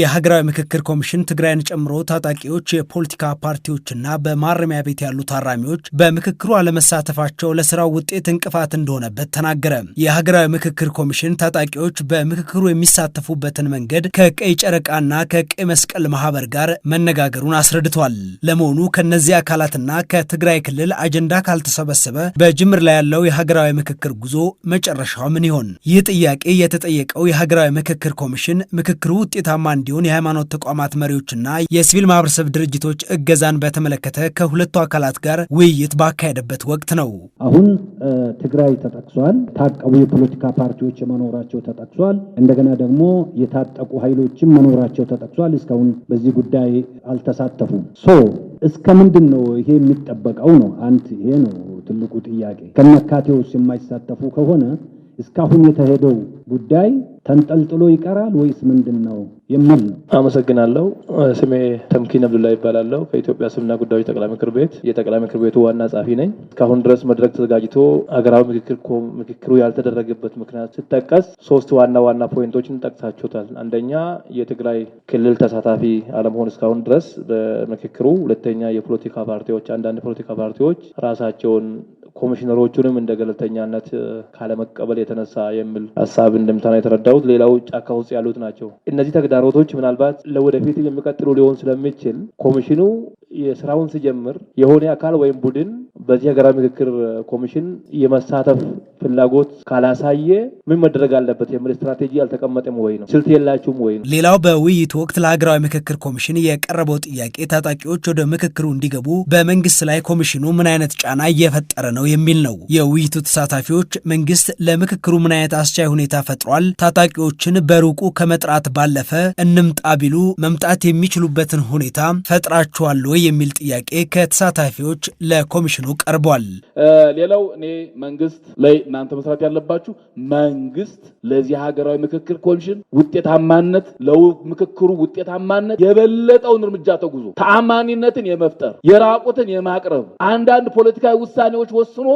የሀገራዊ ምክክር ኮሚሽን ትግራይን ጨምሮ ታጣቂዎች፣ የፖለቲካ ፓርቲዎችና በማረሚያ ቤት ያሉ ታራሚዎች በምክክሩ አለመሳተፋቸው ለስራው ውጤት እንቅፋት እንደሆነበት ተናገረ። የሀገራዊ ምክክር ኮሚሽን ታጣቂዎች በምክክሩ የሚሳተፉበትን መንገድ ከቀይ ጨረቃና ከቀይ መስቀል ማህበር ጋር መነጋገሩን አስረድቷል። ለመሆኑ ከእነዚህ አካላትና ከትግራይ ክልል አጀንዳ ካልተሰበሰበ በጅምር ላይ ያለው የሀገራዊ ምክክር ጉዞ መጨረሻው ምን ይሆን? ይህ ጥያቄ የተጠየቀው የሀገራዊ ምክክር ኮሚሽን ምክክሩ ውጤታማ እንዲሁን የሃይማኖት ተቋማት መሪዎችና የሲቪል ማህበረሰብ ድርጅቶች እገዛን በተመለከተ ከሁለቱ አካላት ጋር ውይይት ባካሄደበት ወቅት ነው። አሁን ትግራይ ተጠቅሷል። ታቀቡ የፖለቲካ ፓርቲዎች መኖራቸው ተጠቅሷል። እንደገና ደግሞ የታጠቁ ኃይሎችም መኖራቸው ተጠቅሷል። እስካሁን በዚህ ጉዳይ አልተሳተፉም። ሶ እስከ ምንድን ነው ይሄ የሚጠበቀው ነው? አንድ ይሄ ነው ትልቁ ጥያቄ። ከነካቴውስ የማይሳተፉ ከሆነ እስካሁን የተሄደው ጉዳይ ተንጠልጥሎ ይቀራል ወይስ ምንድን ነው የሚል ነው። አመሰግናለሁ። ስሜ ተምኪን አብዱላ ይባላለሁ። ከኢትዮጵያ እስልምና ጉዳዮች ጠቅላይ ምክር ቤት የጠቅላይ ምክር ቤቱ ዋና ጸሐፊ ነኝ። እስካሁን ድረስ መድረክ ተዘጋጅቶ ሀገራዊ ምክክሩ ያልተደረገበት ምክንያት ሲጠቀስ ሶስት ዋና ዋና ፖይንቶችን ጠቅሳችሁታል። አንደኛ የትግራይ ክልል ተሳታፊ አለመሆን እስካሁን ድረስ በምክክሩ፣ ሁለተኛ የፖለቲካ ፓርቲዎች አንዳንድ ፖለቲካ ፓርቲዎች ራሳቸውን ኮሚሽነሮቹንም እንደ ገለልተኛነት ካለመቀበል የተነሳ የሚል ሀሳብ እንደምታና የተረዳሁት። ሌላው ጫካ ውስጥ ያሉት ናቸው። እነዚህ ተግዳሮቶች ምናልባት ለወደፊት የሚቀጥሉ ሊሆን ስለሚችል ኮሚሽኑ የስራውን ሲጀምር የሆነ አካል ወይም ቡድን በዚህ ሀገራዊ ምክክር ኮሚሽን የመሳተፍ ፍላጎት ካላሳየ ምን መደረግ አለበት የሚል ስትራቴጂ አልተቀመጠም ወይ ነው ስልት የላችሁም ወይ ነው። ሌላው በውይይቱ ወቅት ለሀገራዊ ምክክር ኮሚሽን የቀረበው ጥያቄ ታጣቂዎች ወደ ምክክሩ እንዲገቡ በመንግስት ላይ ኮሚሽኑ ምን አይነት ጫና እየፈጠረ ነው የሚል ነው። የውይይቱ ተሳታፊዎች መንግስት ለምክክሩ ምን አይነት አስቻይ ሁኔታ ፈጥሯል፣ ታጣቂዎችን በሩቁ ከመጥራት ባለፈ እንምጣ ቢሉ መምጣት የሚችሉበትን ሁኔታ ፈጥራችኋል ወይ የሚል ጥያቄ ከተሳታፊዎች ለኮሚሽኑ ቀርቧል። ሌላው እኔ መንግስት እናንተ መስራት ያለባችሁ መንግስት ለዚህ ሀገራዊ ምክክር ኮሚሽን ውጤታማነት ለምክክሩ ውጤታማነት የበለጠውን እርምጃ ተጉዞ ተአማኒነትን የመፍጠር የራቁትን የማቅረብ አንዳንድ ፖለቲካዊ ውሳኔዎች ወስኖ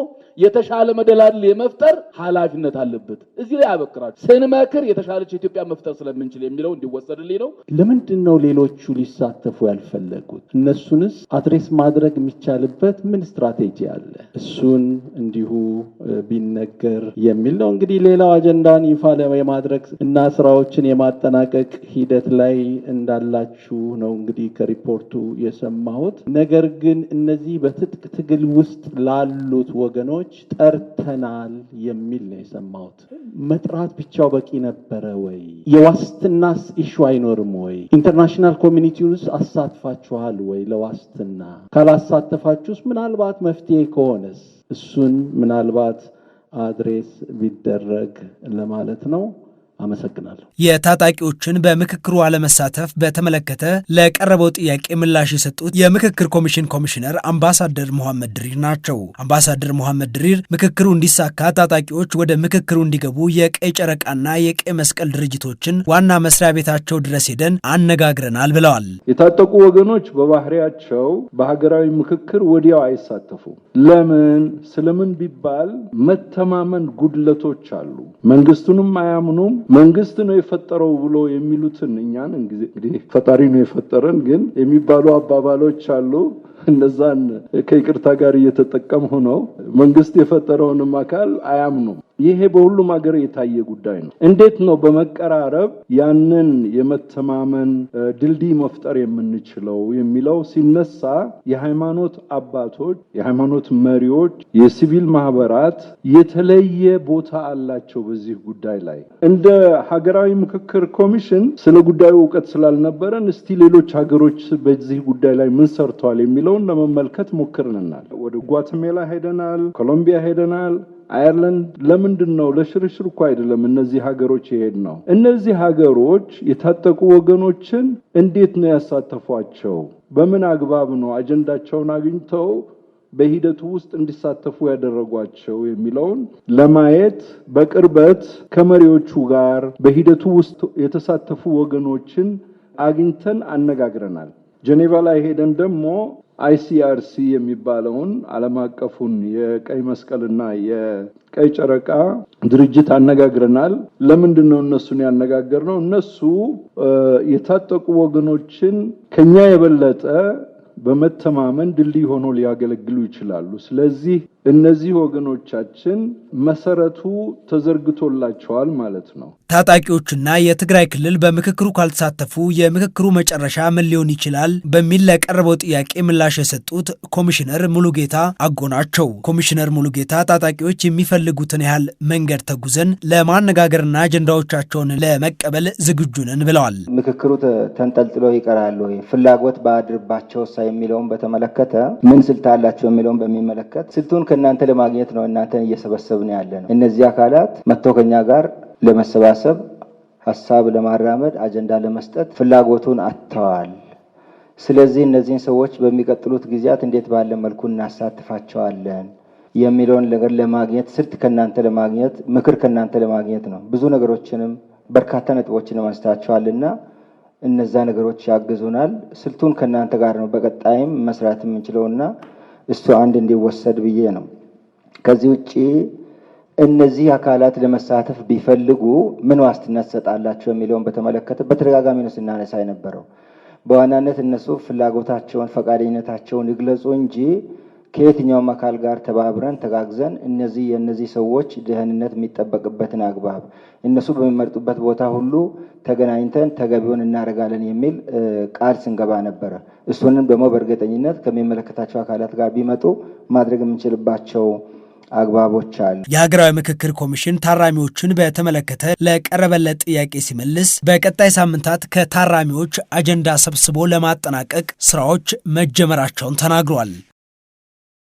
የተሻለ መደላድል የመፍጠር ኃላፊነት አለበት። እዚህ ላይ አበክራችሁ ስንመክር የተሻለች ኢትዮጵያ መፍጠር ስለምንችል የሚለው እንዲወሰድልኝ ነው። ለምንድን ነው ሌሎቹ ሊሳተፉ ያልፈለጉት? እነሱንስ አድሬስ ማድረግ የሚቻልበት ምን ስትራቴጂ አለ? እሱን እንዲሁ ቢነገር የሚል ነው። እንግዲህ ሌላው አጀንዳን ይፋ የማድረግ እና ስራዎችን የማጠናቀቅ ሂደት ላይ እንዳላችሁ ነው እንግዲህ ከሪፖርቱ የሰማሁት። ነገር ግን እነዚህ በትጥቅ ትግል ውስጥ ላሉት ወገኖች ሰዎች ጠርተናል የሚል ነው የሰማሁት። መጥራት ብቻው በቂ ነበረ ወይ? የዋስትናስ ኢሹ አይኖርም ወይ? ኢንተርናሽናል ኮሚኒቲውስ አሳትፋችኋል ወይ? ለዋስትና ካላሳተፋችሁስ ምናልባት መፍትሄ ከሆነስ እሱን ምናልባት አድሬስ ቢደረግ ለማለት ነው። አመሰግናለሁ። የታጣቂዎችን በምክክሩ አለመሳተፍ በተመለከተ ለቀረበው ጥያቄ ምላሽ የሰጡት የምክክር ኮሚሽን ኮሚሽነር አምባሳደር መሐመድ ድሪር ናቸው። አምባሳደር መሐመድ ድሪር ምክክሩ እንዲሳካ ታጣቂዎች ወደ ምክክሩ እንዲገቡ የቀይ ጨረቃና የቀይ መስቀል ድርጅቶችን ዋና መስሪያ ቤታቸው ድረስ ሄደን አነጋግረናል ብለዋል። የታጠቁ ወገኖች በባህሪያቸው በሀገራዊ ምክክር ወዲያው አይሳተፉም። ለምን ስለምን ቢባል መተማመን ጉድለቶች አሉ። መንግስቱንም አያምኑም መንግስት ነው የፈጠረው ብሎ የሚሉትን እኛን እንግዲህ ፈጣሪ ነው የፈጠረን ግን የሚባሉ አባባሎች አሉ። እነዛን ከይቅርታ ጋር እየተጠቀምሁ ነው። መንግስት የፈጠረውንም አካል አያምኑም። ይሄ በሁሉም ሀገር የታየ ጉዳይ ነው። እንዴት ነው በመቀራረብ ያንን የመተማመን ድልድይ መፍጠር የምንችለው የሚለው ሲነሳ የሃይማኖት አባቶች፣ የሃይማኖት መሪዎች፣ የሲቪል ማህበራት የተለየ ቦታ አላቸው። በዚህ ጉዳይ ላይ እንደ ሀገራዊ ምክክር ኮሚሽን ስለ ጉዳዩ እውቀት ስላልነበረን እስቲ ሌሎች ሀገሮች በዚህ ጉዳይ ላይ ምን ሰርተዋል የሚለው ያለውን ለመመልከት ሞክርንናል። ወደ ጓተሜላ ሄደናል፣ ኮሎምቢያ ሄደናል። አየርላንድ ለምንድን ነው? ለሽርሽር እኮ አይደለም እነዚህ ሀገሮች የሄድ ነው። እነዚህ ሀገሮች የታጠቁ ወገኖችን እንዴት ነው ያሳተፏቸው? በምን አግባብ ነው አጀንዳቸውን አግኝተው በሂደቱ ውስጥ እንዲሳተፉ ያደረጓቸው የሚለውን ለማየት በቅርበት ከመሪዎቹ ጋር በሂደቱ ውስጥ የተሳተፉ ወገኖችን አግኝተን አነጋግረናል። ጀኔቫ ላይ ሄደን ደግሞ አይሲአርሲ የሚባለውን አለም አቀፉን የቀይ መስቀልና የቀይ ጨረቃ ድርጅት አነጋግረናል። ለምንድን ነው እነሱን ነው እነሱ የታጠቁ ወገኖችን ከኛ የበለጠ በመተማመን ድልድይ ሆኖ ሊያገለግሉ ይችላሉ። ስለዚህ እነዚህ ወገኖቻችን መሰረቱ ተዘርግቶላቸዋል ማለት ነው። ታጣቂዎችና የትግራይ ክልል በምክክሩ ካልተሳተፉ የምክክሩ መጨረሻ ምን ሊሆን ይችላል በሚል ለቀረበው ጥያቄ ምላሽ የሰጡት ኮሚሽነር ሙሉጌታ አጎ ናቸው። ኮሚሽነር ሙሉጌታ ታጣቂዎች የሚፈልጉትን ያህል መንገድ ተጉዘን ለማነጋገርና አጀንዳዎቻቸውን ለመቀበል ዝግጁ ነን ብለዋል። ምክክሩ ተንጠልጥሎ ይቀራሉ ፍላጎት ባድርባቸው ሳ የሚለውን በተመለከተ ምን ስልት አላቸው የሚለውን በሚመለከት ስልቱን ከእናንተ ለማግኘት ነው እናንተን እየሰበሰብን ያለ ነው። እነዚህ አካላት መጥተው ከኛ ጋር ለመሰባሰብ ሀሳብ ለማራመድ አጀንዳ ለመስጠት ፍላጎቱን አጥተዋል። ስለዚህ እነዚህን ሰዎች በሚቀጥሉት ጊዜያት እንዴት ባለ መልኩ እናሳትፋቸዋለን የሚለውን ነገር ለማግኘት ስልት ከእናንተ ለማግኘት ምክር ከእናንተ ለማግኘት ነው። ብዙ ነገሮችንም በርካታ ነጥቦችን አንስታችኋልና እነዛ ነገሮች ያግዙናል። ስልቱን ከእናንተ ጋር ነው በቀጣይም መስራት የምንችለውና እሱ አንድ እንዲወሰድ ብዬ ነው። ከዚህ ውጭ እነዚህ አካላት ለመሳተፍ ቢፈልጉ ምን ዋስትና ትሰጣላቸው የሚለውን በተመለከተ በተደጋጋሚ ነው ስናነሳ የነበረው። በዋናነት እነሱ ፍላጎታቸውን ፈቃደኝነታቸውን ይግለጹ እንጂ ከየትኛውም አካል ጋር ተባብረን ተጋግዘን እነዚህ የእነዚህ ሰዎች ደህንነት የሚጠበቅበትን አግባብ እነሱ በሚመርጡበት ቦታ ሁሉ ተገናኝተን ተገቢውን እናደርጋለን የሚል ቃል ስንገባ ነበረ። እሱንም ደግሞ በእርግጠኝነት ከሚመለከታቸው አካላት ጋር ቢመጡ ማድረግ የምንችልባቸው አግባቦች አሉ። የሀገራዊ ምክክር ኮሚሽን ታራሚዎችን በተመለከተ ለቀረበለት ጥያቄ ሲመልስ በቀጣይ ሳምንታት ከታራሚዎች አጀንዳ ሰብስቦ ለማጠናቀቅ ስራዎች መጀመራቸውን ተናግሯል።